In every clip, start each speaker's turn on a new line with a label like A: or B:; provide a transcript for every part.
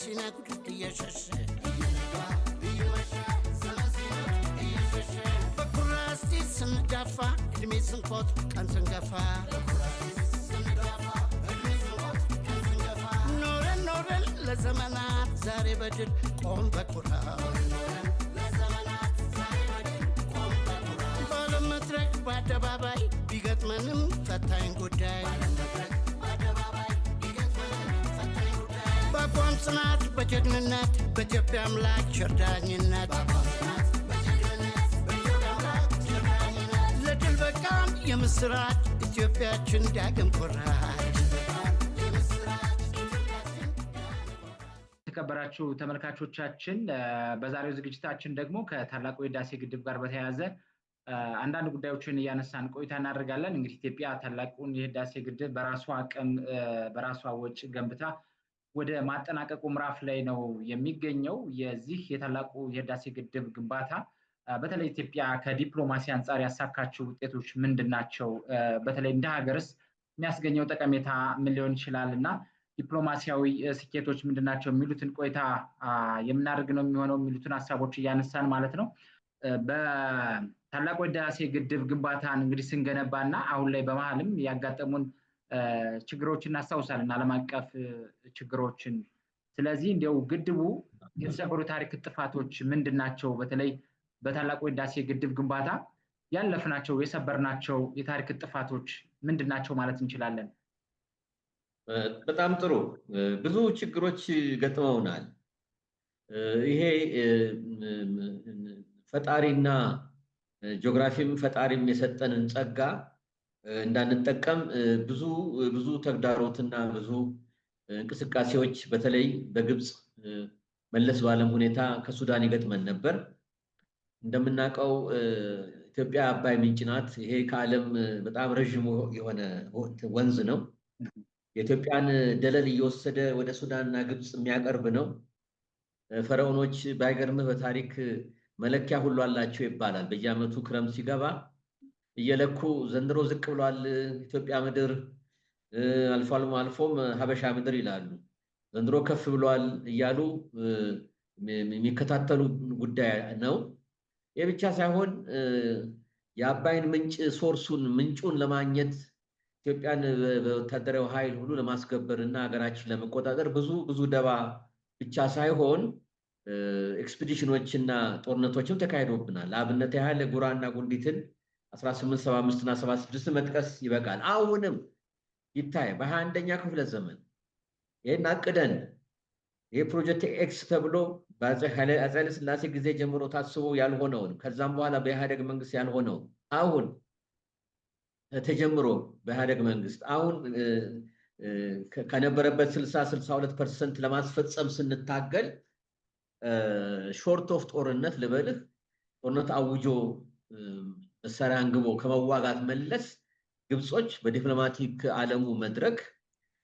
A: ሲነጉድ እየሸሸ እየነጋ እየመሸ ዘመን እየሸሸ በኩራስቲ ስንዳፋ እድሜ ስንኮት ቀን ስንገፋ ኖረን ኖረን ለዘመናት ዛሬ በድል ቆም በኩራ ባለመድረክ በአደባባይ ቢገጥመንም ፈታኝ ጉድ በጽናት በጀግንነት በኢትዮጵያ አምላክ ቸርዳኝነት ለድል የምስራች ኢትዮጵያችን ዳግም
B: የተከበራችሁ ተመልካቾቻችን በዛሬው ዝግጅታችን ደግሞ ከታላቁ የህዳሴ ግድብ ጋር በተያያዘ አንዳንድ ጉዳዮችን እያነሳን ቆይታ እናደርጋለን። እንግዲህ ኢትዮጵያ ታላቁን የህዳሴ ግድብ በራሷ አቅም በራሷ ወጪ ገንብታ ወደ ማጠናቀቁ ምዕራፍ ላይ ነው የሚገኘው። የዚህ የታላቁ የህዳሴ ግድብ ግንባታ በተለይ ኢትዮጵያ ከዲፕሎማሲ አንጻር ያሳካችው ውጤቶች ምንድን ናቸው? በተለይ እንደ ሀገርስ የሚያስገኘው ጠቀሜታ ምን ሊሆን ይችላል እና ዲፕሎማሲያዊ ስኬቶች ምንድን ናቸው የሚሉትን ቆይታ የምናደርግ ነው የሚሆነው የሚሉትን ሀሳቦች እያነሳን ማለት ነው። በታላቁ የህዳሴ ግድብ ግንባታን እንግዲህ ስንገነባ እና አሁን ላይ በመሀልም ያጋጠሙን ችግሮችን እናስታውሳለን፣ ዓለም አቀፍ ችግሮችን። ስለዚህ እንዲያው ግድቡ የተሰበሩ ታሪክ ጥፋቶች ምንድናቸው በተለይ በታላቁ ህዳሴ ግድብ ግንባታ ያለፍናቸው የሰበርናቸው የታሪክ ጥፋቶች ምንድናቸው ማለት እንችላለን?
C: በጣም ጥሩ። ብዙ ችግሮች ገጥመውናል። ይሄ ፈጣሪና ጂኦግራፊም ፈጣሪም የሰጠንን ጸጋ እንዳንጠቀም ብዙ ብዙ ተግዳሮትና ብዙ እንቅስቃሴዎች በተለይ በግብፅ መለስ ባለም ሁኔታ ከሱዳን ይገጥመን ነበር። እንደምናውቀው ኢትዮጵያ አባይ ምንጭ ናት። ይሄ ከዓለም በጣም ረዥሙ የሆነ ወንዝ ነው። የኢትዮጵያን ደለል እየወሰደ ወደ ሱዳንና ግብፅ የሚያቀርብ ነው። ፈርዖኖች ባይገርምህ በታሪክ መለኪያ ሁሉ አላቸው ይባላል። በየዓመቱ ክረምት ሲገባ እየለኩ ዘንድሮ ዝቅ ብሏል ኢትዮጵያ ምድር አልፎ አልፎም ሀበሻ ምድር ይላሉ። ዘንድሮ ከፍ ብሏል እያሉ የሚከታተሉ ጉዳይ ነው። ይህ ብቻ ሳይሆን የአባይን ምንጭ ሶርሱን ምንጩን ለማግኘት ኢትዮጵያን በወታደራዊ ኃይል ሁሉ ለማስገበር እና ሀገራችን ለመቆጣጠር ብዙ ብዙ ደባ ብቻ ሳይሆን ኤክስፒዲሽኖች እና ጦርነቶችም ተካሂዶብናል። ለአብነት ያህል ጉራና ጉንዲትን 1875 እና 76 መጥቀስ ይበቃል። አሁንም ይታይ በሀያ አንደኛ ክፍለ ዘመን ይህን አቅደን ይህ ፕሮጀክት ኤክስ ተብሎ በአፄ ኃይለ ሥላሴ ጊዜ ጀምሮ ታስቦ ያልሆነውን ከዛም በኋላ በኢህአደግ መንግስት ያልሆነውን አሁን ተጀምሮ በኢህአደግ መንግስት አሁን ከነበረበት 60 62 ፐርሰንት ለማስፈጸም ስንታገል ሾርት ኦፍ ጦርነት ልበልህ ጦርነት አውጆ መሳሪያ አንግቦ ከመዋጋት መለስ ግብጾች በዲፕሎማቲክ ዓለሙ መድረክ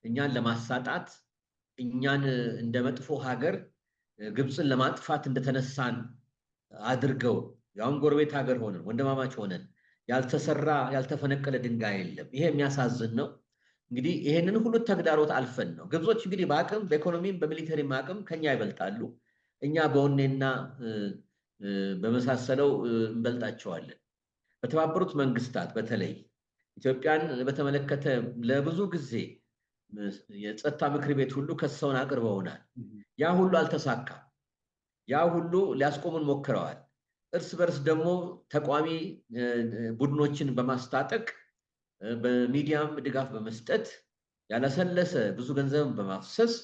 C: እኛን ለማሳጣት እኛን እንደ መጥፎ ሀገር ግብፅን ለማጥፋት እንደተነሳን አድርገው ያሁን ጎረቤት ሀገር ሆነን ወንድማማች ሆነን ያልተሰራ ያልተፈነቀለ ድንጋይ የለም። ይሄ የሚያሳዝን ነው። እንግዲህ ይሄንን ሁሉ ተግዳሮት አልፈን ነው ግብጾች እንግዲህ በአቅም በኢኮኖሚም በሚሊተሪም አቅም ከኛ ይበልጣሉ። እኛ በወኔና በመሳሰለው እንበልጣቸዋለን። በተባበሩት መንግስታት በተለይ ኢትዮጵያን በተመለከተ ለብዙ ጊዜ የጸጥታ ምክር ቤት ሁሉ ከሰውን አቅርበውናል። ያ ሁሉ አልተሳካም። ያ ሁሉ ሊያስቆሙን ሞክረዋል። እርስ በርስ ደግሞ ተቋሚ ቡድኖችን በማስታጠቅ በሚዲያም ድጋፍ በመስጠት ያለሰለሰ ብዙ ገንዘብን በማፍሰስ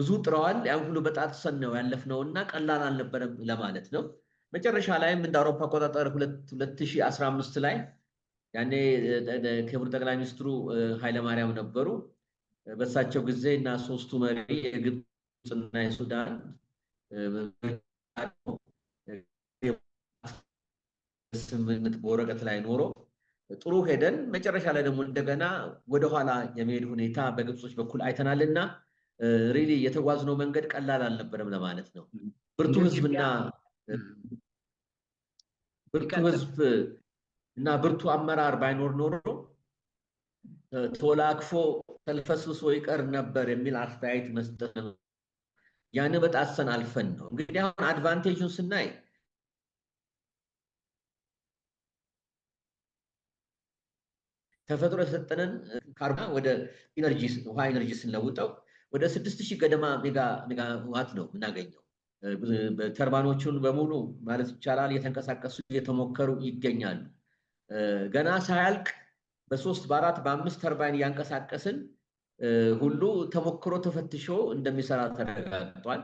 C: ብዙ ጥረዋል። ያን ሁሉ በጣት ሰነው ያለፍነውና ቀላል አልነበረም ለማለት ነው። መጨረሻ ላይም እንደ አውሮፓ አቆጣጠር 2015 ላይ ያኔ ክቡር ጠቅላይ ሚኒስትሩ ኃይለማርያም ነበሩ። በሳቸው ጊዜ እና ሶስቱ መሪ የግብፅና የሱዳን ስምምነት በወረቀት ላይ ኖሮ ጥሩ ሄደን መጨረሻ ላይ ደግሞ እንደገና ወደኋላ የመሄድ ሁኔታ በግብጾች በኩል አይተናል እና ሪሊ የተጓዝነው መንገድ ቀላል አልነበረም ለማለት ነው። ብርቱ ህዝብና ብርቱ ህዝብ እና ብርቱ አመራር ባይኖር ኖሮ ተወላክፎ ተልፈስሶ ይቀር ነበር የሚል አስተያየት መስጠት ያን በጣሰን አልፈን ነው እንግዲህ አሁን አድቫንቴጁን ስናይ ተፈጥሮ የሰጠንን ካርቦን ወደ ኢነርጂ ውሃ ኢነርጂ ስንለውጠው ወደ ስድስት ሺህ ገደማ ሜጋ ዋት ነው የምናገኘው። ተርባኖቹን በሙሉ ማለት ይቻላል የተንቀሳቀሱ እየተሞከሩ ይገኛሉ። ገና ሳያልቅ በሶስት በአራት በአምስት ተርባይን እያንቀሳቀስን ሁሉ ተሞክሮ ተፈትሾ እንደሚሰራ ተረጋግጧል።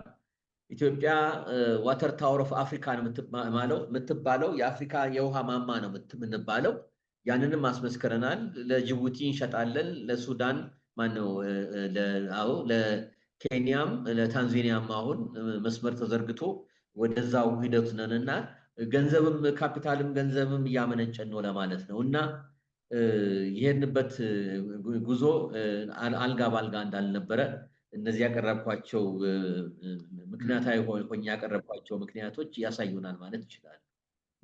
C: ኢትዮጵያ ዋተር ታወር ኦፍ አፍሪካ የምትባለው የአፍሪካ የውሃ ማማ ነው የምንባለው። ያንንም አስመስክረናል። ለጅቡቲ እንሸጣለን፣ ለሱዳን ማነው ኬንያም ለታንዛኒያም አሁን መስመር ተዘርግቶ ወደዛው ሂደት ነን እና ገንዘብም ካፒታልም ገንዘብም እያመነጨን ነው ለማለት ነው እና ይሄንበት ጉዞ አልጋ ባልጋ እንዳልነበረ እነዚህ ያቀረብኳቸው ምክንያታዊ ሆኜ ያቀረብኳቸው ምክንያቶች ያሳዩናል ማለት ይችላል።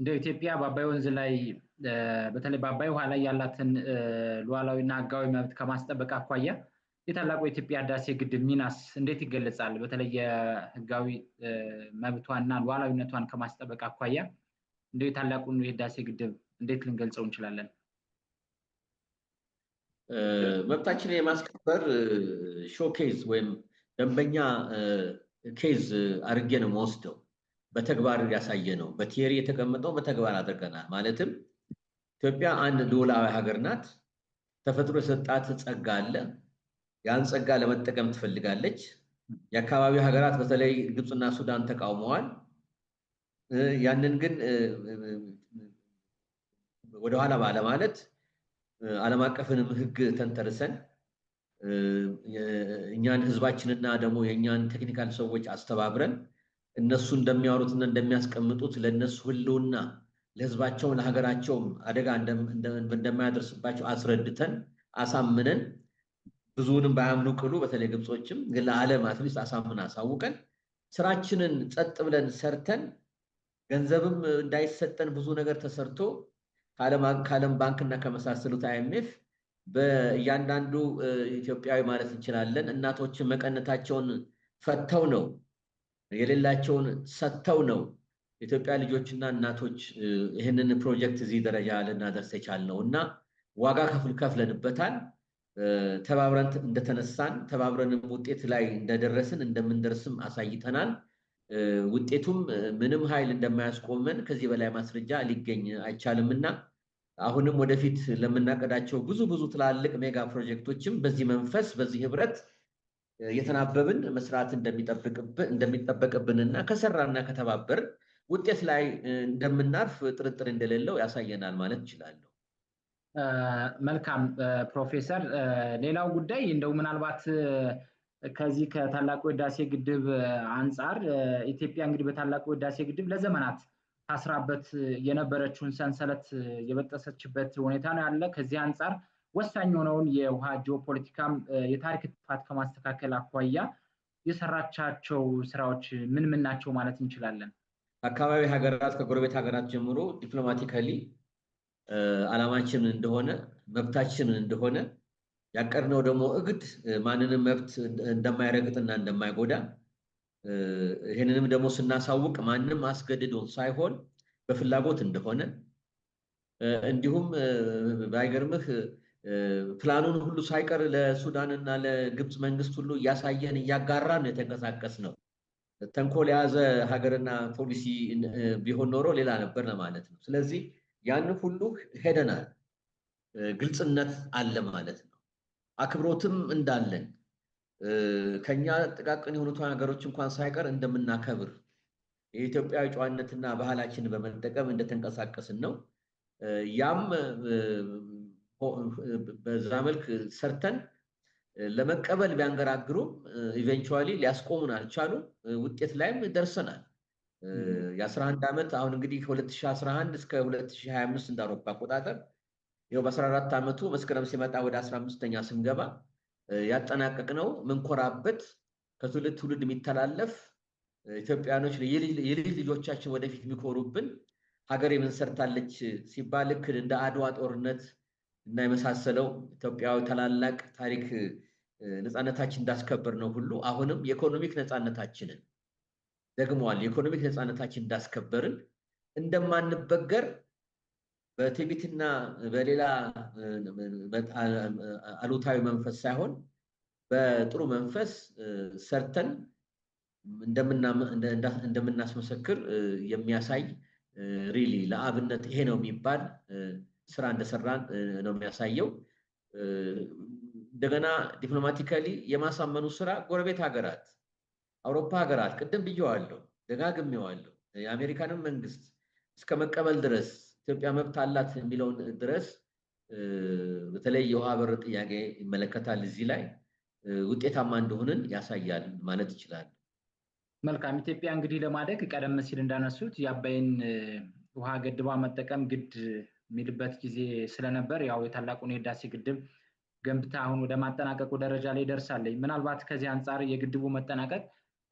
B: እንደ ኢትዮጵያ በአባይ ወንዝ ላይ በተለይ በአባይ ውሃ ላይ ያላትን ሉዓላዊና ህጋዊ መብት ከማስጠበቅ አኳያ የታላቁ የኢትዮጵያ ህዳሴ ግድብ ሚናስ እንዴት ይገለጻል? በተለይ የህጋዊ መብቷና ሉዓላዊነቷን ከማስጠበቅ አኳያ እንደ የታላቁን የህዳሴ ግድብ እንዴት ልንገልጸው እንችላለን?
C: መብታችንን የማስከበር ሾኬዝ ወይም ደንበኛ ኬዝ አርጌ ነው መወስደው። በተግባር ያሳየ ነው። በቲዮሪ የተቀመጠው በተግባር አድርገናል። ማለትም ኢትዮጵያ አንድ ሉዓላዊ ሀገር ናት። ተፈጥሮ የሰጣት ጸጋ አለ። ያን ጸጋ ለመጠቀም ትፈልጋለች። የአካባቢው ሀገራት በተለይ ግብፅና ሱዳን ተቃውመዋል። ያንን ግን ወደኋላ ባለማለት ዓለም አቀፍንም ሕግ ተንተርሰን እኛን ህዝባችንና ደግሞ የእኛን ቴክኒካል ሰዎች አስተባብረን እነሱ እንደሚያወሩትና እንደሚያስቀምጡት ለእነሱ ህልውና ለህዝባቸውም ለሀገራቸውም አደጋ እንደማያደርስባቸው አስረድተን አሳምነን ብዙውንም ባያምኑ ቅሉ በተለይ ግብጾችም ግን ለዓለም አትሊስት አሳምን አሳውቀን ስራችንን ጸጥ ብለን ሰርተን ገንዘብም እንዳይሰጠን ብዙ ነገር ተሰርቶ ከዓለም ባንክና ከመሳሰሉት አይኤምኤፍ በእያንዳንዱ ኢትዮጵያዊ ማለት እንችላለን እናቶችን መቀነታቸውን ፈተው ነው የሌላቸውን ሰጥተው ነው የኢትዮጵያ ልጆችና እናቶች ይህንን ፕሮጀክት እዚህ ደረጃ ልናደርስ የቻልነው እና ዋጋ ከፍል ከፍለንበታል። ተባብረን እንደተነሳን ተባብረንም ውጤት ላይ እንደደረስን እንደምንደርስም አሳይተናል። ውጤቱም ምንም ኃይል እንደማያስቆመን ከዚህ በላይ ማስረጃ ሊገኝ አይቻልምና አሁንም ወደፊት ለምናቀዳቸው ብዙ ብዙ ትላልቅ ሜጋ ፕሮጀክቶችም በዚህ መንፈስ በዚህ ህብረት የተናበብን መስራት እንደሚጠበቅብንና ከሰራና ከተባበር ውጤት ላይ እንደምናርፍ ጥርጥር እንደሌለው ያሳየናል ማለት እችላለሁ።
B: መልካም ፕሮፌሰር፣ ሌላው ጉዳይ እንደው ምናልባት ከዚህ ከታላቁ ህዳሴ ግድብ አንጻር ኢትዮጵያ እንግዲህ በታላቁ ህዳሴ ግድብ ለዘመናት ታስራበት የነበረችውን ሰንሰለት የበጠሰችበት ሁኔታ ነው ያለ። ከዚህ አንጻር ወሳኝ የሆነውን የውሃ ጂኦፖለቲካም የታሪክ ጥፋት ከማስተካከል አኳያ የሰራቻቸው ስራዎች ምን ምን ናቸው ማለት እንችላለን?
C: አካባቢ ሀገራት ከጎረቤት ሀገራት ጀምሮ ዲፕሎማቲካሊ አላማችን እንደሆነ መብታችን እንደሆነ ያቀድነው ደግሞ እግድ ማንንም መብት እንደማይረግጥና እንደማይጎዳ ይህንንም ደግሞ ስናሳውቅ ማንም አስገድዶ ሳይሆን በፍላጎት እንደሆነ እንዲሁም ባይገርምህ ፕላኑን ሁሉ ሳይቀር ለሱዳንና ለግብፅ መንግስት ሁሉ እያሳየን እያጋራን የተንቀሳቀስ ነው። ተንኮል የያዘ ሀገርና ፖሊሲ ቢሆን ኖሮ ሌላ ነበር ለማለት ነው። ስለዚህ ያን ሁሉ ሄደናል። ግልጽነት አለ ማለት ነው። አክብሮትም እንዳለን ከኛ ጥቃቅን የሆኑት ሀገሮች እንኳን ሳይቀር እንደምናከብር የኢትዮጵያ ጨዋነትና ባህላችንን በመጠቀም እንደተንቀሳቀስን ነው። ያም በዛ መልክ ሰርተን ለመቀበል ቢያንገራግሩም ኢቨንቹዋሊ ሊያስቆሙን አልቻሉም። ውጤት ላይም ደርሰናል። የ11 ዓመት አሁን እንግዲህ 2011 እስከ 2025 እንደ አውሮፓ አቆጣጠር ይኸው በ14 ዓመቱ መስከረም ሲመጣ ወደ 15ኛ ስንገባ ነው ምንኮራበት ከትውልድ ትውልድ የሚተላለፍ ኢትዮጵያኖች የልጅ ልጆቻችን ወደፊት የሚኮሩብን ሀገር የምንሰርታለች ሲባል ልክ እንደ አድዋ ጦርነት እና የመሳሰለው ኢትዮጵያዊ ታላላቅ ታሪክ ነፃነታችን እንዳስከበር ነው ሁሉ አሁንም የኢኮኖሚክ ነፃነታችንን ደግመዋል። የኢኮኖሚክ ነፃነታችን እንዳስከበርን እንደማንበገር በትዕቢትና በሌላ አሉታዊ መንፈስ ሳይሆን በጥሩ መንፈስ ሰርተን እንደምናስመሰክር የሚያሳይ ሪሊ ለአብነት ይሄ ነው የሚባል ስራ እንደሰራን ነው የሚያሳየው። እንደገና ዲፕሎማቲካሊ የማሳመኑ ስራ ጎረቤት ሀገራት አውሮፓ ሀገራት ቅድም ብዬዋለሁ፣ ደጋግሜዋለሁ። የአሜሪካንን መንግስት እስከ መቀበል ድረስ ኢትዮጵያ መብት አላት የሚለውን ድረስ በተለይ የውሃ በር ጥያቄ ይመለከታል። እዚህ ላይ ውጤታማ እንደሆንን ያሳያል ማለት ይችላል።
B: መልካም። ኢትዮጵያ እንግዲህ ለማደግ ቀደም ሲል እንዳነሱት የአባይን ውሃ ገድባ መጠቀም ግድ የሚልበት ጊዜ ስለነበር ያው የታላቁን የህዳሴ ግድብ ገንብታ አሁን ወደ ማጠናቀቁ ደረጃ ላይ ደርሳለች። ምናልባት ከዚህ አንጻር የግድቡ መጠናቀቅ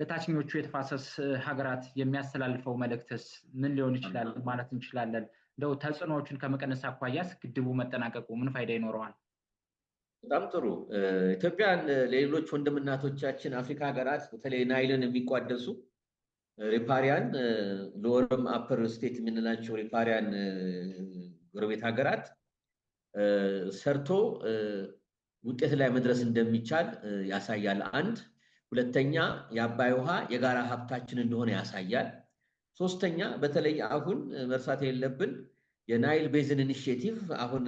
B: ለታችኞቹ የተፋሰስ ሀገራት የሚያስተላልፈው መልእክትስ ምን ሊሆን ይችላል ማለት እንችላለን? እንደው ተጽዕኖዎቹን ከመቀነስ አኳያስ ግድቡ መጠናቀቁ ምን ፋይዳ ይኖረዋል?
C: በጣም ጥሩ። ኢትዮጵያን ለሌሎች ወንድምናቶቻችን አፍሪካ ሀገራት በተለይ ናይልን የሚቋደሱ ሪፓሪያን ሎወርም አፐር ስቴት የምንላቸው ሪፓሪያን ጎረቤት ሀገራት ሰርቶ ውጤት ላይ መድረስ እንደሚቻል ያሳያል። አንድ ሁለተኛ የአባይ ውሃ የጋራ ሀብታችን እንደሆነ ያሳያል። ሶስተኛ በተለይ አሁን መርሳት የሌለብን የናይል ቤዝን ኢኒሽቲቭ አሁን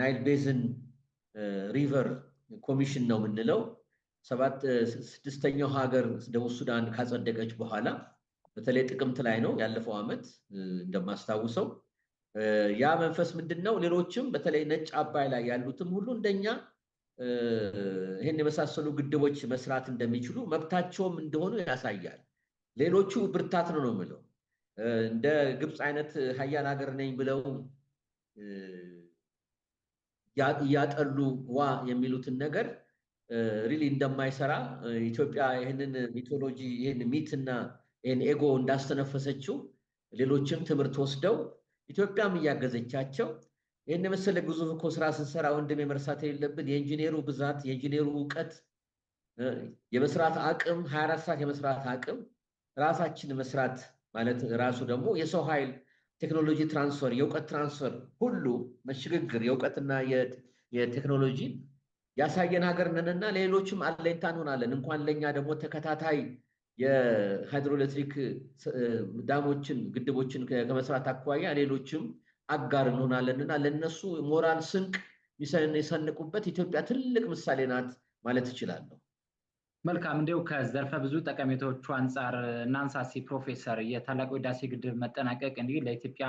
C: ናይል ቤዝን ሪቨር ኮሚሽን ነው የምንለው ሰባት ስድስተኛው ሀገር ደቡብ ሱዳን ካጸደቀች በኋላ በተለይ ጥቅምት ላይ ነው ያለፈው ዓመት እንደማስታውሰው ያ መንፈስ ምንድን ነው ሌሎችም በተለይ ነጭ አባይ ላይ ያሉትም ሁሉ እንደኛ ይህን የመሳሰሉ ግድቦች መስራት እንደሚችሉ መብታቸውም እንደሆኑ ያሳያል። ሌሎቹ ብርታት ነው ነው የምለው እንደ ግብፅ አይነት ሀያል ሀገር ነኝ ብለው እያጠሉ ዋ የሚሉትን ነገር ሪሊ እንደማይሰራ ኢትዮጵያ ይህንን ሚቶሎጂ ይህን ሚት እና ይህን ኤጎ እንዳስተነፈሰችው ሌሎችም ትምህርት ወስደው ኢትዮጵያም እያገዘቻቸው ይህን መሰለ ግዙፍ እኮ ስራ ስንሰራ ወንድም የመርሳት የሌለብን የኢንጂኒሩ ብዛት፣ የኢንጂነሩ እውቀት፣ የመስራት አቅም፣ ሀያ አራት ሰዓት የመስራት አቅም ራሳችን መስራት ማለት ራሱ ደግሞ የሰው ኃይል ቴክኖሎጂ ትራንስፈር፣ የእውቀት ትራንስፈር ሁሉ መሽግግር የእውቀትና የቴክኖሎጂ ያሳየን ሀገር ነንና ሌሎችም አለኝታ እንሆናለን። እንኳን ለእኛ ደግሞ ተከታታይ የሃይድሮኤሌክትሪክ ዳሞችን ግድቦችን ከመስራት አኳያ ሌሎችም አጋር እንሆናለን እና ሞራል ስንቅ የሰንቁበት ኢትዮጵያ ትልቅ ምሳሌ ናት ማለት እችላለሁ።
B: መልካም እንዲሁ ከዘርፈ ብዙ ጠቀሜታዎቹ አንጻር እናንሳሲ ፕሮፌሰር የታላቁ ህዳሴ ግድብ መጠናቀቅ እንዲህ ለኢትዮጵያ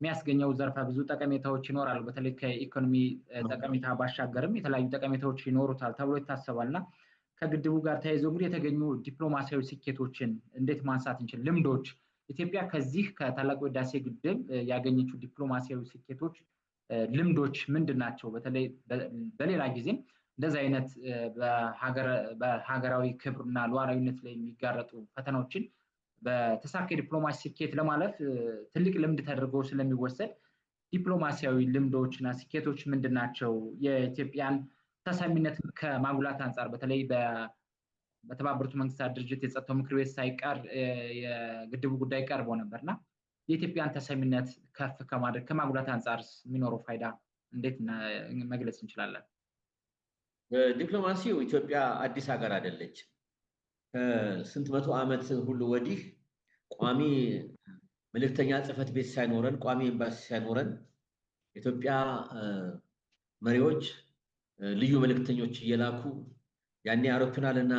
B: የሚያስገኘው ዘርፈ ብዙ ጠቀሜታዎች ይኖራሉ። በተለይ ከኢኮኖሚ ጠቀሜታ ባሻገርም የተለያዩ ጠቀሜታዎች ይኖሩታል ተብሎ ይታሰባል እና ከግድቡ ጋር ተያይዞ እንግዲህ የተገኙ ዲፕሎማሲያዊ ስኬቶችን እንዴት ማንሳት እንችል ልምዶች ኢትዮጵያ ከዚህ ከታላቁ ህዳሴ ግድብ ያገኘችው ዲፕሎማሲያዊ ስኬቶች፣ ልምዶች ምንድን ናቸው? በተለይ በሌላ ጊዜም እንደዚህ አይነት በሀገራዊ ክብርና ሉዓላዊነት ላይ የሚጋረጡ ፈተናዎችን በተሳካ ዲፕሎማሲ ስኬት ለማለፍ ትልቅ ልምድ ተደርጎ ስለሚወሰድ ዲፕሎማሲያዊ ልምዶችና ስኬቶች ምንድን ናቸው? የኢትዮጵያን ተሰሚነት ከማጉላት አንጻር በተለይ በተባበሩት መንግስታት ድርጅት የጸጥታው ምክር ቤት ሳይቀር የግድቡ ጉዳይ ቀርቦ ነበርና የኢትዮጵያን ተሰሚነት ከፍ ከማድረግ ከማጉላት አንጻር የሚኖረው ፋይዳ እንዴት መግለጽ እንችላለን?
C: ዲፕሎማሲው ኢትዮጵያ አዲስ ሀገር አይደለች። ከስንት መቶ ዓመት ሁሉ ወዲህ ቋሚ መልእክተኛ ጽህፈት ቤት ሳይኖረን፣ ቋሚ ኤምባሲ ሳይኖረን የኢትዮጵያ መሪዎች ልዩ መልእክተኞች እየላኩ ያኔ አውሮፕላን እና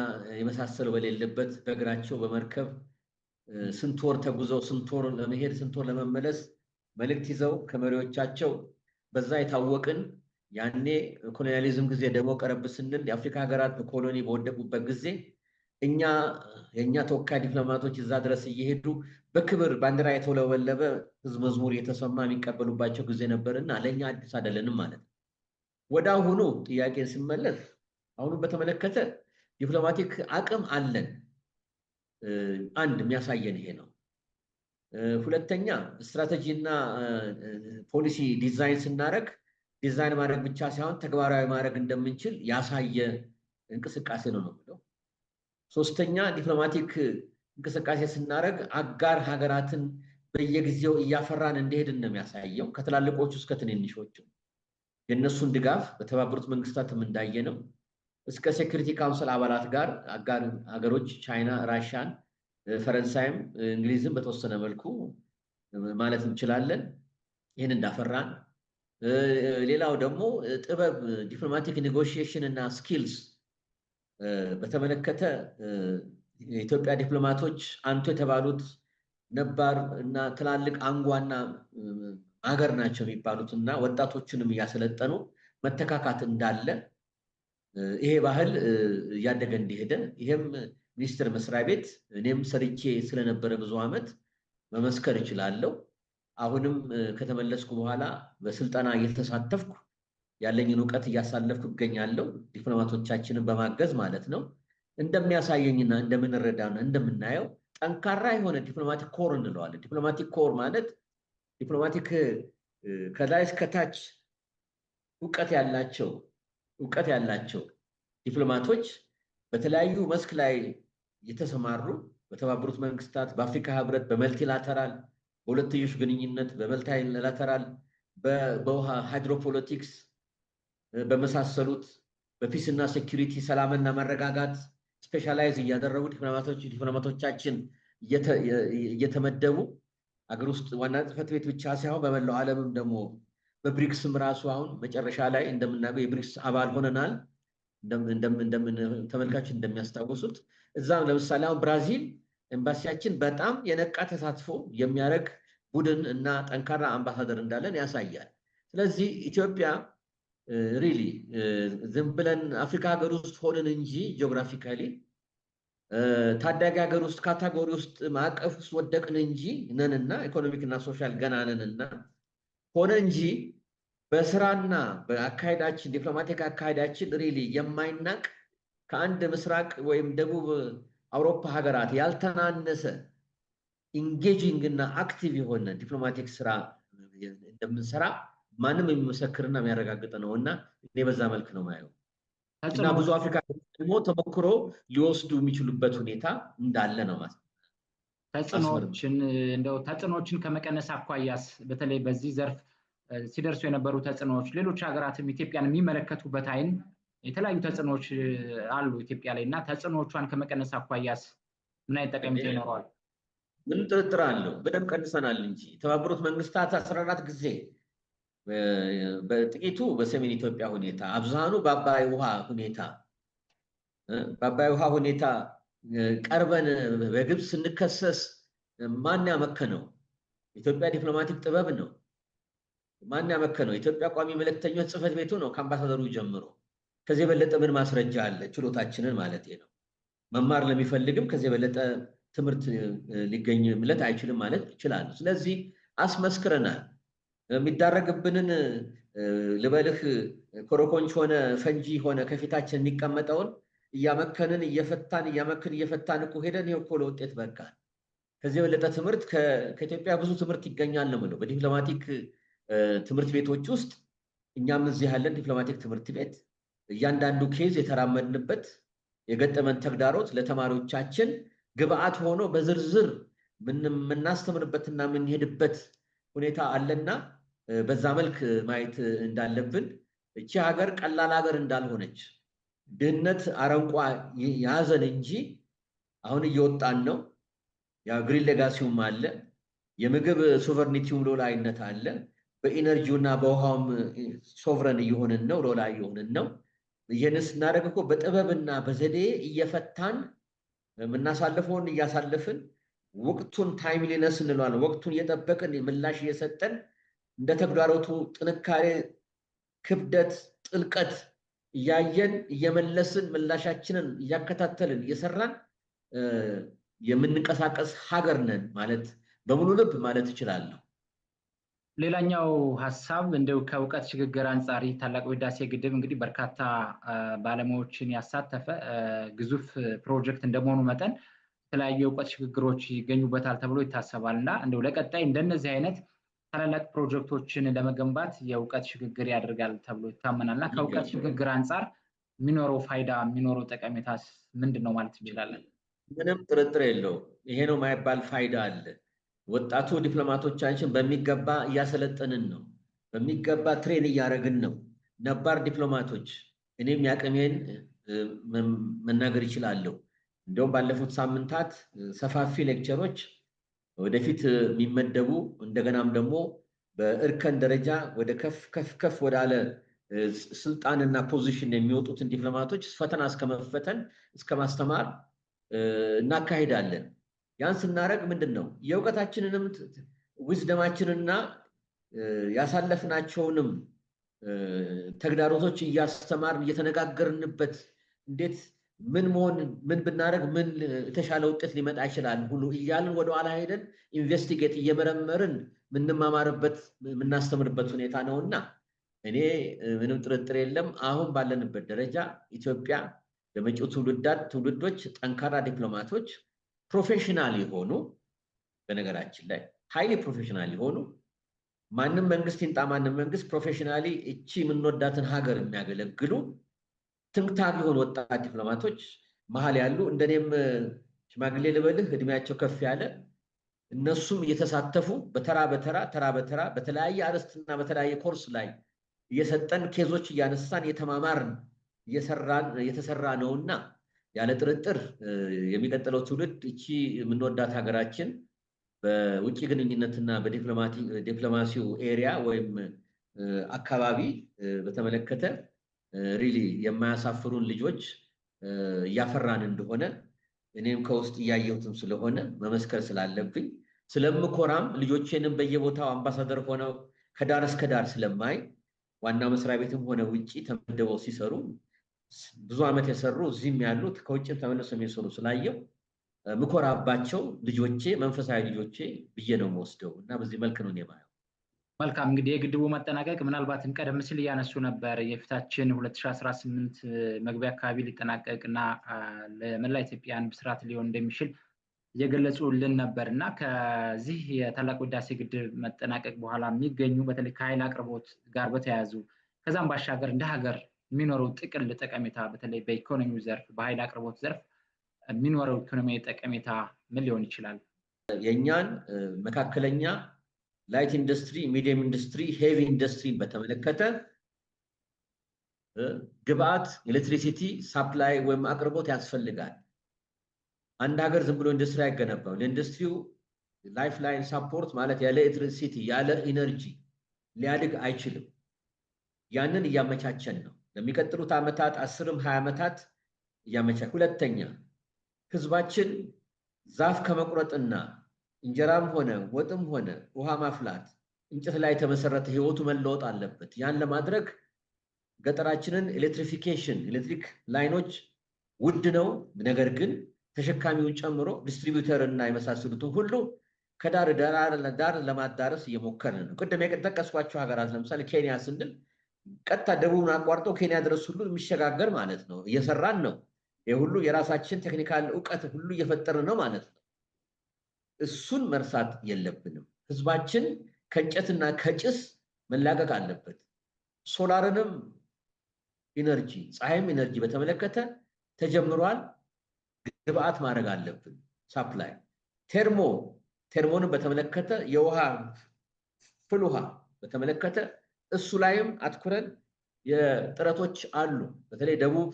C: በሌለበት በእግራቸው በመርከብ ስንት ወር ተጉዘው ስንት ወር ለመሄድ ስንት ወር ለመመለስ መልእክት ይዘው ከመሪዎቻቸው በዛ የታወቅን ያኔ ኮሎኒያሊዝም ጊዜ ደግሞ ቀረብ ስንል የአፍሪካ ሀገራት በኮሎኒ በወደቁበት ጊዜ እኛ የእኛ ተወካይ ዲፕሎማቶች እዛ ድረስ እየሄዱ በክብር ባንዲራ የተውለበለበ ህዝብ መዝሙር የተሰማ የሚቀበሉባቸው ጊዜ ነበርና ለእኛ አዲስ አይደለንም ማለት ነው። ወደ አሁኑ ጥያቄ ስመለስ? አሁንም በተመለከተ ዲፕሎማቲክ አቅም አለን። አንድ የሚያሳየን ይሄ ነው። ሁለተኛ ስትራቴጂ እና ፖሊሲ ዲዛይን ስናደረግ ዲዛይን ማድረግ ብቻ ሳይሆን ተግባራዊ ማድረግ እንደምንችል ያሳየ እንቅስቃሴ ነው ነው የሚለው። ሶስተኛ ዲፕሎማቲክ እንቅስቃሴ ስናደረግ አጋር ሀገራትን በየጊዜው እያፈራን እንደሄድን ነው የሚያሳየው። ከትላልቆቹ እስከ ትንንሾቹ የእነሱን ድጋፍ በተባበሩት መንግስታትም እንዳየ ነው። እስከ ሴኩሪቲ ካውንስል አባላት ጋር አጋር ሀገሮች ቻይና፣ ራሽያን፣ ፈረንሳይም እንግሊዝም በተወሰነ መልኩ ማለት እንችላለን ይህን እንዳፈራን። ሌላው ደግሞ ጥበብ ዲፕሎማቲክ ኔጎሽዬሽን እና ስኪልስ በተመለከተ የኢትዮጵያ ዲፕሎማቶች አንቱ የተባሉት ነባር እና ትላልቅ አንጓና አገር ናቸው የሚባሉት እና ወጣቶችንም እያሰለጠኑ መተካካት እንዳለ ይሄ ባህል እያደገ እንዲሄደ ይሄም ሚኒስቴር መስሪያ ቤት እኔም ሰርቼ ስለነበረ ብዙ ዓመት መመስከር እችላለሁ። አሁንም ከተመለስኩ በኋላ በስልጠና እየተሳተፍኩ ያለኝን እውቀት እያሳለፍኩ እገኛለሁ። ዲፕሎማቶቻችንን በማገዝ ማለት ነው። እንደሚያሳየኝና እንደምንረዳና እንደምናየው ጠንካራ የሆነ ዲፕሎማቲክ ኮር እንለዋለን። ዲፕሎማቲክ ኮር ማለት ዲፕሎማቲክ ከላይ እስከታች እውቀት ያላቸው እውቀት ያላቸው ዲፕሎማቶች በተለያዩ መስክ ላይ የተሰማሩ በተባበሩት መንግስታት፣ በአፍሪካ ህብረት፣ በመልቲላተራል በሁለትዮሽ ግንኙነት፣ በመልቲላተራል በውሃ ሃይድሮፖለቲክስ በመሳሰሉት በፒስ እና ሴኪሪቲ ሰላምና መረጋጋት ስፔሻላይዝ እያደረጉ ዲፕሎማቶቻችን እየተመደቡ አገር ውስጥ ዋና ጽህፈት ቤት ብቻ ሳይሆን በመላው ዓለምም ደግሞ በብሪክስም ራሱ አሁን መጨረሻ ላይ እንደምናገው የብሪክስ አባል ሆነናል። ተመልካች እንደሚያስታውሱት እዛም ለምሳሌ አሁን ብራዚል ኤምባሲያችን በጣም የነቃ ተሳትፎ የሚያደርግ ቡድን እና ጠንካራ አምባሳደር እንዳለን ያሳያል። ስለዚህ ኢትዮጵያ ሪሊ ዝም ብለን አፍሪካ ሀገር ውስጥ ሆንን እንጂ ጂኦግራፊካሊ ታዳጊ ሀገር ውስጥ ካታጎሪ ውስጥ ማዕቀፍ ውስጥ ወደቅን እንጂ ነንና ኢኮኖሚክ እና ሶሻል ገና ነንና ሆነ እንጂ በስራና በአካሄዳችን ዲፕሎማቲክ አካሄዳችን ሪሊ የማይናቅ ከአንድ ምስራቅ ወይም ደቡብ አውሮፓ ሀገራት ያልተናነሰ ኢንጌጂንግ እና አክቲቭ የሆነ ዲፕሎማቲክ ስራ እንደምንሰራ ማንም የሚመሰክርና የሚያረጋግጥ ነው እና እኔ በዛ መልክ ነው ማየው እና ብዙ አፍሪካ ደግሞ ተሞክሮ ሊወስዱ የሚችሉበት ሁኔታ እንዳለ ነው ማለት ነው።
B: ተጽዕኖዎችን እንደው ተጽዕኖዎችን ከመቀነስ አኳያስ በተለይ በዚህ ዘርፍ ሲደርሱ የነበሩ ተጽዕኖዎች ሌሎች ሀገራትም ኢትዮጵያን የሚመለከቱበት አይን የተለያዩ ተጽዕኖዎች አሉ ኢትዮጵያ ላይ እና ተጽዕኖዎቿን ከመቀነስ አኳያስ ምን አይነት ጠቀሜታ ይኖረዋል?
C: ምን ጥርጥር አለው? በደንብ ቀንሰናል እንጂ የተባበሩት መንግስታት አስራ አራት ጊዜ በጥቂቱ በሰሜን ኢትዮጵያ ሁኔታ፣ አብዛኑ በአባይ ውሃ ሁኔታ በአባይ ውሃ ሁኔታ ቀርበን በግብፅ ስንከሰስ ማን ያመከነው? ኢትዮጵያ ዲፕሎማቲክ ጥበብ ነው። ማን ያመከነው? ኢትዮጵያ ቋሚ መልእክተኞች ጽህፈት ቤቱ ነው ከአምባሳደሩ ጀምሮ። ከዚህ የበለጠ ምን ማስረጃ አለ? ችሎታችንን ማለት ነው። መማር ለሚፈልግም ከዚህ የበለጠ ትምህርት ሊገኝለት አይችልም ማለት ይችላሉ። ስለዚህ አስመስክረናል። የሚዳረግብንን ልበልህ ኮረኮንች ሆነ ፈንጂ ሆነ ከፊታችን የሚቀመጠውን እያመከንን እየፈታን እያመከን እየፈታን እኮ ሄደን ይሄ እኮ ለውጤት በቃ። ከዚህ የበለጠ ትምህርት ከኢትዮጵያ ብዙ ትምህርት ይገኛል ነው የምለው። በዲፕሎማቲክ ትምህርት ቤቶች ውስጥ እኛም እዚህ ያለን ዲፕሎማቲክ ትምህርት ቤት እያንዳንዱ ኬዝ የተራመድንበት የገጠመን ተግዳሮት ለተማሪዎቻችን ግብአት ሆኖ በዝርዝር የምናስተምርበትና የምንሄድበት ሁኔታ አለና በዛ መልክ ማየት እንዳለብን እቺ ሀገር ቀላል ሀገር እንዳልሆነች ድህነት አረንቋ ያዘን እንጂ አሁን እየወጣን ነው። ያው ግሪን ሌጋሲውም አለ፣ የምግብ ሶቨርኒቲውም ሎላይነት አለ። በኢነርጂው እና በውሃውም ሶቨረን እየሆንን ነው፣ ሎላይ እየሆንን ነው። ይህን ስናደርግ እኮ በጥበብና በዘዴ እየፈታን የምናሳልፈውን እያሳለፍን ወቅቱን ታይምሊነስ እንለዋለን። ወቅቱን እየጠበቅን ምላሽ እየሰጠን እንደ ተግዳሮቱ ጥንካሬ፣ ክብደት፣ ጥልቀት እያየን እየመለስን ምላሻችንን እያከታተልን እየሰራን የምንንቀሳቀስ ሀገር ነን ማለት በሙሉ ልብ ማለት እችላለሁ።
B: ሌላኛው ሀሳብ እንደው ከእውቀት ሽግግር አንጻር ታላቁ ህዳሴ ግድብ እንግዲህ በርካታ ባለሙያዎችን ያሳተፈ ግዙፍ ፕሮጀክት እንደመሆኑ መጠን የተለያዩ የእውቀት ሽግግሮች ይገኙበታል ተብሎ ይታሰባል እና እንደው ለቀጣይ እንደነዚህ አይነት ታላላቅ ፕሮጀክቶችን ለመገንባት የእውቀት ሽግግር ያደርጋል ተብሎ ይታመናል ከእውቀት ሽግግር አንጻር የሚኖረው ፋይዳ የሚኖረው ጠቀሜታ ምንድን ነው ማለት እንችላለን?
C: ምንም ጥርጥር የለው ይሄ ነው የማይባል ፋይዳ አለ። ወጣቱ ዲፕሎማቶቻችን በሚገባ እያሰለጠንን ነው፣ በሚገባ ትሬን እያደረግን ነው። ነባር ዲፕሎማቶች እኔም ያቅሜን መናገር ይችላለሁ። እንደውም ባለፉት ሳምንታት ሰፋፊ ሌክቸሮች ወደፊት የሚመደቡ እንደገናም ደግሞ በእርከን ደረጃ ወደ ከፍ ከፍ ከፍ ወዳለ ስልጣንና ፖዚሽን የሚወጡትን ዲፕሎማቶች ፈተና እስከመፈተን እስከ ማስተማር እናካሄዳለን። ያን ስናደረግ ምንድን ነው የእውቀታችንንም ዊዝደማችንና ያሳለፍናቸውንም ተግዳሮቶች እያስተማርን እየተነጋገርንበት እንዴት ምን መሆን ምን ብናደርግ ምን የተሻለ ውጤት ሊመጣ ይችላል ሁሉ እያልን ወደኋላ ሄደን ኢንቨስቲጌት እየመረመርን ምንማማርበት የምናስተምርበት ሁኔታ ነው እና እኔ ምንም ጥርጥር የለም አሁን ባለንበት ደረጃ ኢትዮጵያ ለመጪው ትውልዳት ትውልዶች ጠንካራ ዲፕሎማቶች ፕሮፌሽናል የሆኑ በነገራችን ላይ ሀይሊ ፕሮፌሽናል የሆኑ ማንም መንግስት ይንጣ ማንም መንግስት ፕሮፌሽናሊ እቺ የምንወዳትን ሀገር የሚያገለግሉ ትምክታብ የሆኑ ወጣት ዲፕሎማቶች መሀል ያሉ እንደኔም ሽማግሌ ልበልህ እድሜያቸው ከፍ ያለ እነሱም እየተሳተፉ በተራ በተራ ተራ በተራ በተለያየ አርዕስትና በተለያየ ኮርስ ላይ እየሰጠን ኬዞች እያነሳን እየተማማርን እየተሰራ ነውና ያለ ጥርጥር የሚቀጥለው ትውልድ እቺ የምንወዳት ሀገራችን በውጭ ግንኙነትና በዲፕሎማሲው ኤሪያ ወይም አካባቢ በተመለከተ ሪሊ የማያሳፍሩን ልጆች እያፈራን እንደሆነ እኔም ከውስጥ እያየሁትም ስለሆነ መመስከር ስላለብኝ ስለምኮራም ልጆቼንም በየቦታው አምባሳደር ሆነው ከዳር እስከ ዳር ስለማይ ዋና መስሪያ ቤትም ሆነ ውጭ ተመደበው ሲሰሩ ብዙ ዓመት የሰሩ እዚህም ያሉት ከውጭም ተመልሰው የሚሰሩ ስላየው ምኮራባቸው ልጆቼ መንፈሳዊ ልጆቼ ብዬ ነው መወስደው እና በዚህ መልክ ነው የማየው።
B: መልካም እንግዲህ የግድቡ መጠናቀቅ ምናልባትም ቀደም ሲል እያነሱ ነበር የፊታችን 2018 መግቢያ አካባቢ ሊጠናቀቅ እና ለመላ ኢትዮጵያን ብስራት ሊሆን እንደሚችል እየገለጹልን ነበር እና ከዚህ የታላቁ ህዳሴ ግድብ መጠናቀቅ በኋላ የሚገኙ በተለይ ከኃይል አቅርቦት ጋር በተያያዙ ከዛም ባሻገር እንደ ሀገር የሚኖረው ጥቅል ጠቀሜታ በተለይ በኢኮኖሚ ዘርፍ በኃይል አቅርቦት ዘርፍ የሚኖረው ኢኮኖሚ ጠቀሜታ ምን ሊሆን ይችላል?
C: የእኛን መካከለኛ ላይት ኢንዱስትሪ፣ ሚዲየም ኢንዱስትሪ፣ ሄቪ ኢንዱስትሪን በተመለከተ ግብአት ኤሌክትሪሲቲ ሳፕላይ ወይም አቅርቦት ያስፈልጋል። አንድ ሀገር ዝም ብሎ ኢንዱስትሪ አይገነባም። ለኢንዱስትሪው ላይፍ ላይን ሳፖርት ማለት ያለ ኤሌክትሪሲቲ ያለ ኢነርጂ ሊያድግ አይችልም። ያንን እያመቻቸን ነው ለሚቀጥሉት ዓመታት አስርም ሀያ ዓመታት እያመቻ ሁለተኛ ህዝባችን ዛፍ ከመቁረጥና እንጀራም ሆነ ወጥም ሆነ ውሃ ማፍላት እንጨት ላይ የተመሰረተ ህይወቱ መለወጥ አለበት። ያን ለማድረግ ገጠራችንን ኤሌክትሪፊኬሽን ኤሌክትሪክ ላይኖች ውድ ነው። ነገር ግን ተሸካሚውን ጨምሮ ዲስትሪቢዩተር እና የመሳሰሉትን ሁሉ ከዳር ዳር ለማዳረስ እየሞከርን ነው። ቅድም የጠቀስኳቸው ሀገራት ለምሳሌ ኬንያ ስንል ቀጥታ ደቡብን አቋርጦ ኬንያ ድረስ ሁሉ የሚሸጋገር ማለት ነው። እየሰራን ነው። ይህ ሁሉ የራሳችን ቴክኒካል እውቀት ሁሉ እየፈጠርን ነው ማለት ነው። እሱን መርሳት የለብንም። ህዝባችን ከእንጨትና ከጭስ መላቀቅ አለበት። ሶላርንም ኢነርጂ ፀሐይም ኢነርጂ በተመለከተ ተጀምሯል። ግብአት ማድረግ አለብን ሳፕላይ። ቴርሞ ቴርሞንም በተመለከተ የውሃ ፍል ውሃ በተመለከተ እሱ ላይም አትኩረን የጥረቶች አሉ። በተለይ ደቡብ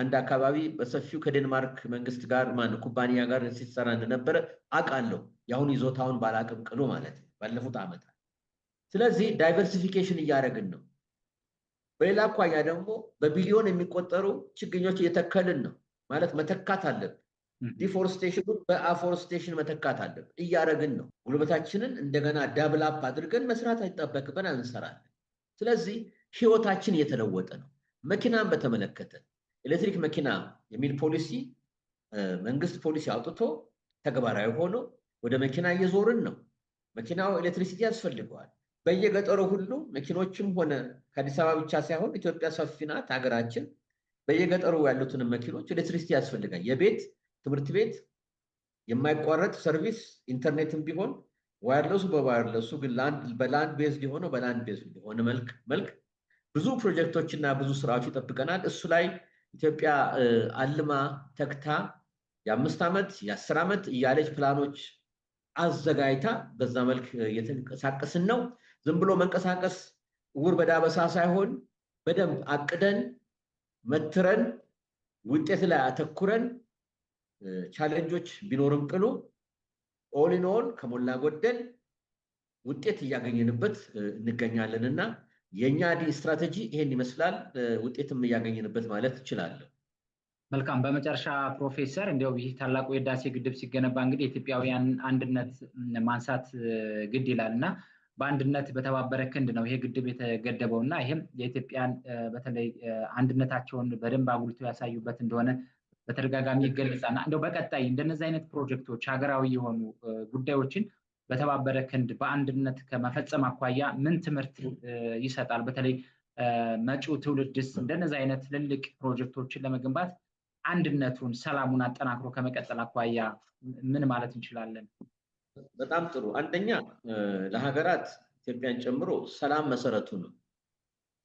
C: አንድ አካባቢ በሰፊው ከዴንማርክ መንግስት ጋር ማን ኩባንያ ጋር ሲሰራ እንደነበረ አውቃለሁ። የአሁን ይዞታውን ባላቅም ቅሉ ማለት ነው ባለፉት ዓመታት። ስለዚህ ዳይቨርሲፊኬሽን እያደረግን ነው። በሌላ አኳያ ደግሞ በቢሊዮን የሚቆጠሩ ችግኞች እየተከልን ነው ማለት መተካት አለብን። ዲፎርስቴሽኑን በአፎርስቴሽን መተካት አለብን። እያደረግን ነው። ጉልበታችንን እንደገና ዳብላፕ አድርገን መስራት አይጠበቅብን፣ እንሰራለን። ስለዚህ ህይወታችን እየተለወጠ ነው። መኪናን በተመለከተ ኤሌክትሪክ መኪና የሚል ፖሊሲ መንግስት ፖሊሲ አውጥቶ ተግባራዊ ሆኖ ወደ መኪና እየዞርን ነው። መኪናው ኤሌክትሪሲቲ ያስፈልገዋል። በየገጠሩ ሁሉ መኪኖችም ሆነ ከአዲስ አበባ ብቻ ሳይሆን ኢትዮጵያ ሰፊ ናት ሀገራችን። በየገጠሩ ያሉትንም መኪኖች ኤሌክትሪሲቲ ያስፈልጋል። የቤት ትምህርት ቤት የማይቋረጥ ሰርቪስ ኢንተርኔትም ቢሆን ዋይርለሱ በዋይርለሱ ግን በላንድ ቤዝ የሆነው በላንድ ቤዝ በሆነ መልክ መልክ ብዙ ፕሮጀክቶች እና ብዙ ስራዎች ይጠብቀናል። እሱ ላይ ኢትዮጵያ አልማ ተግታ የአምስት ዓመት የአስር ዓመት እያለች ፕላኖች አዘጋጅታ በዛ መልክ እየተንቀሳቀስን ነው። ዝም ብሎ መንቀሳቀስ ውር በዳበሳ ሳይሆን በደንብ አቅደን መትረን ውጤት ላይ አተኩረን ቻሌንጆች ቢኖርም ቅሉ ኦሊኖን ከሞላ ጎደል ውጤት እያገኘንበት እንገኛለን እና የእኛ ዲ ስትራቴጂ ይሄን ይመስላል። ውጤትም እያገኘንበት ማለት እችላለሁ።
B: መልካም። በመጨረሻ ፕሮፌሰር እንዲያው ይህ ታላቁ የህዳሴ ግድብ ሲገነባ እንግዲህ ኢትዮጵያውያን አንድነት ማንሳት ግድ ይላል እና በአንድነት በተባበረ ክንድ ነው ይሄ ግድብ የተገደበው እና ይህም የኢትዮጵያን በተለይ አንድነታቸውን በደንብ አጉልቶ ያሳዩበት እንደሆነ በተደጋጋሚ ይገለጻል። እንደው በቀጣይ እንደነዚህ አይነት ፕሮጀክቶች ሀገራዊ የሆኑ ጉዳዮችን በተባበረ ክንድ በአንድነት ከመፈጸም አኳያ ምን ትምህርት ይሰጣል? በተለይ መጪው ትውልድስ እንደነዚህ አይነት ትልልቅ ፕሮጀክቶችን ለመገንባት አንድነቱን፣ ሰላሙን አጠናክሮ ከመቀጠል አኳያ ምን ማለት እንችላለን?
C: በጣም ጥሩ። አንደኛ ለሀገራት ኢትዮጵያን ጨምሮ ሰላም መሰረቱ ነው።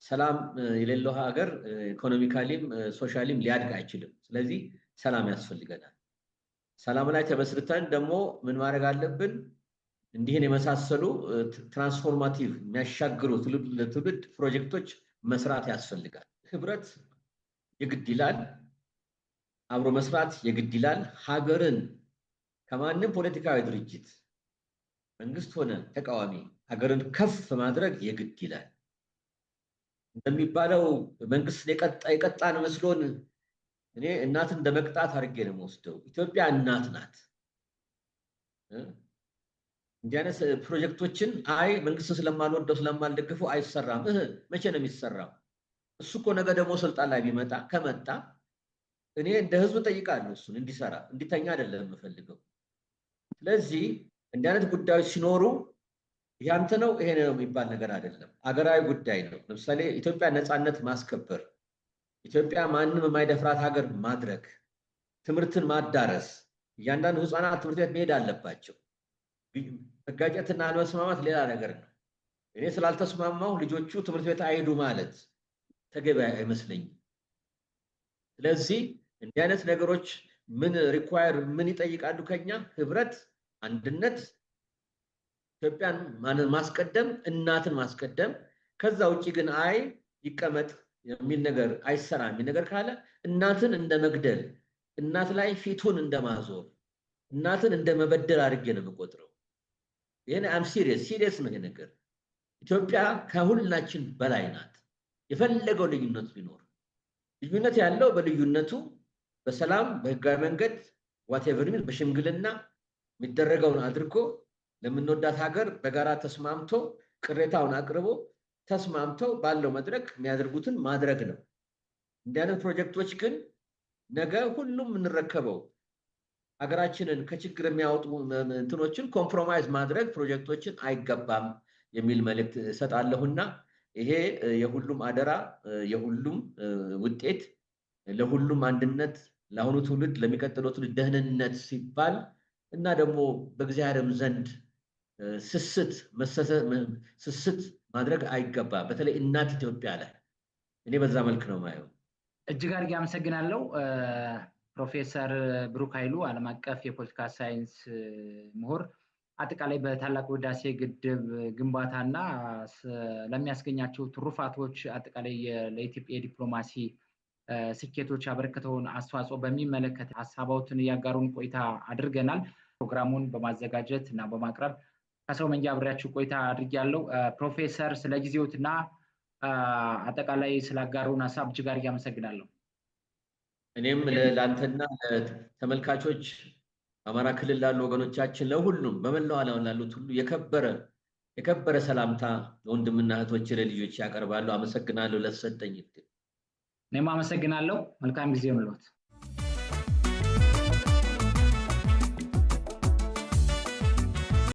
C: ሰላም የሌለው ሀገር ኢኮኖሚካሊም ሶሻሊም ሊያድግ አይችልም። ስለዚህ ሰላም ያስፈልገናል። ሰላም ላይ ተመስርተን ደግሞ ምን ማድረግ አለብን? እንዲህን የመሳሰሉ ትራንስፎርማቲቭ የሚያሻግሩ ለትውልድ ፕሮጀክቶች መስራት ያስፈልጋል። ህብረት የግድ ይላል። አብሮ መስራት የግድ ይላል። ሀገርን ከማንም ፖለቲካዊ ድርጅት መንግስት ሆነ ተቃዋሚ ሀገርን ከፍ ማድረግ የግድ ይላል። እንደሚባለው መንግስት የቀጣን መስሎን እኔ እናትን እንደመቅጣት አድርጌ ነው የምወስደው። ኢትዮጵያ እናት ናት። እንዲህ አይነት ፕሮጀክቶችን አይ መንግስት ስለማልወደው ስለማልደግፈው አይሰራም። እህ መቼ ነው የሚሰራው? እሱ እኮ ነገ ደግሞ ስልጣን ላይ ቢመጣ ከመጣ እኔ እንደ ህዝብ ጠይቃለሁ እሱን እንዲሰራ እንዲተኛ አይደለም የምፈልገው። ስለዚህ እንዲህ አይነት ጉዳዮች ሲኖሩ ያንተ ነው ይሄ ነው የሚባል ነገር አይደለም፣ አገራዊ ጉዳይ ነው። ለምሳሌ ኢትዮጵያ ነፃነት ማስከበር፣ ኢትዮጵያ ማንም የማይደፍራት ሀገር ማድረግ፣ ትምህርትን ማዳረስ፣ እያንዳንዱ ህፃናት ትምህርት ቤት መሄድ አለባቸው። መጋጨትና አለመስማማት ሌላ ነገር ነው። እኔ ስላልተስማማሁ ልጆቹ ትምህርት ቤት አይሄዱ ማለት ተገቢ አይመስለኝም። ስለዚህ እንዲህ አይነት ነገሮች ምን ሪኳየር ምን ይጠይቃሉ ከኛ? ህብረት፣ አንድነት፣ ኢትዮጵያን ማስቀደም፣ እናትን ማስቀደም። ከዛ ውጭ ግን አይ ይቀመጥ የሚል ነገር አይሰራ የሚል ነገር ካለ እናትን እንደ መግደል፣ እናት ላይ ፊቱን እንደ ማዞር፣ እናትን እንደ መበደል አድርጌ ነው የምቆጥረው። ይህን አም ሲሪየስ ሲሪየስ ነው ነገር። ኢትዮጵያ ከሁላችን በላይ ናት። የፈለገው ልዩነት ቢኖር ልዩነት ያለው በልዩነቱ በሰላም በህጋዊ መንገድ ዋቴቨር ሚል በሽምግልና የሚደረገውን አድርጎ ለምንወዳት ሀገር በጋራ ተስማምቶ ቅሬታውን አቅርቦ ተስማምቶ ባለው መድረክ የሚያደርጉትን ማድረግ ነው። እንዲህ አይነት ፕሮጀክቶች ግን ነገ ሁሉም የምንረከበው ሀገራችንን ከችግር የሚያወጡ እንትኖችን ኮምፕሮማይዝ ማድረግ ፕሮጀክቶችን አይገባም የሚል መልእክት እሰጣለሁና ይሄ የሁሉም አደራ፣ የሁሉም ውጤት፣ ለሁሉም አንድነት፣ ለአሁኑ ትውልድ፣ ለሚቀጥለው ትውልድ ደህንነት ሲባል እና ደግሞ በእግዚአብሔርም ዘንድ ስስት ስስት ማድረግ አይገባም። በተለይ እናት ኢትዮጵያ ላይ እኔ በዛ መልክ ነው ማየው።
B: እጅግ አድርጌ አመሰግናለሁ። ፕሮፌሰር ብሩክ ኃይሉ ዓለም አቀፍ የፖለቲካ ሳይንስ ምሁር አጠቃላይ በታላቁ ህዳሴ ግድብ ግንባታና ለሚያስገኛቸው ትሩፋቶች አጠቃላይ ለኢትዮጵያ የዲፕሎማሲ ስኬቶች ያበረከተውን አስተዋጽኦ በሚመለከት ሀሳባውትን እያጋሩን ቆይታ አድርገናል። ፕሮግራሙን በማዘጋጀት እና በማቅረብ ከሰው መንጃ አብሬያችሁ ቆይታ አድርጌያለሁ። ፕሮፌሰር ስለ እና አጠቃላይ ስላጋሩን ሀሳብ እጅግ አድርጌ አመሰግናለሁ።
C: እኔም ለአንተና ተመልካቾች አማራ ክልል ላሉ ወገኖቻችን ለሁሉም በመላው ዓለም ላሉት ሁሉ የከበረ የከበረ ሰላምታ ለወንድምና እህቶች ለልጆች ያቀርባሉ። አመሰግናለሁ ለተሰጠኝ እድል።
B: እኔም አመሰግናለሁ። መልካም ጊዜ ምሎት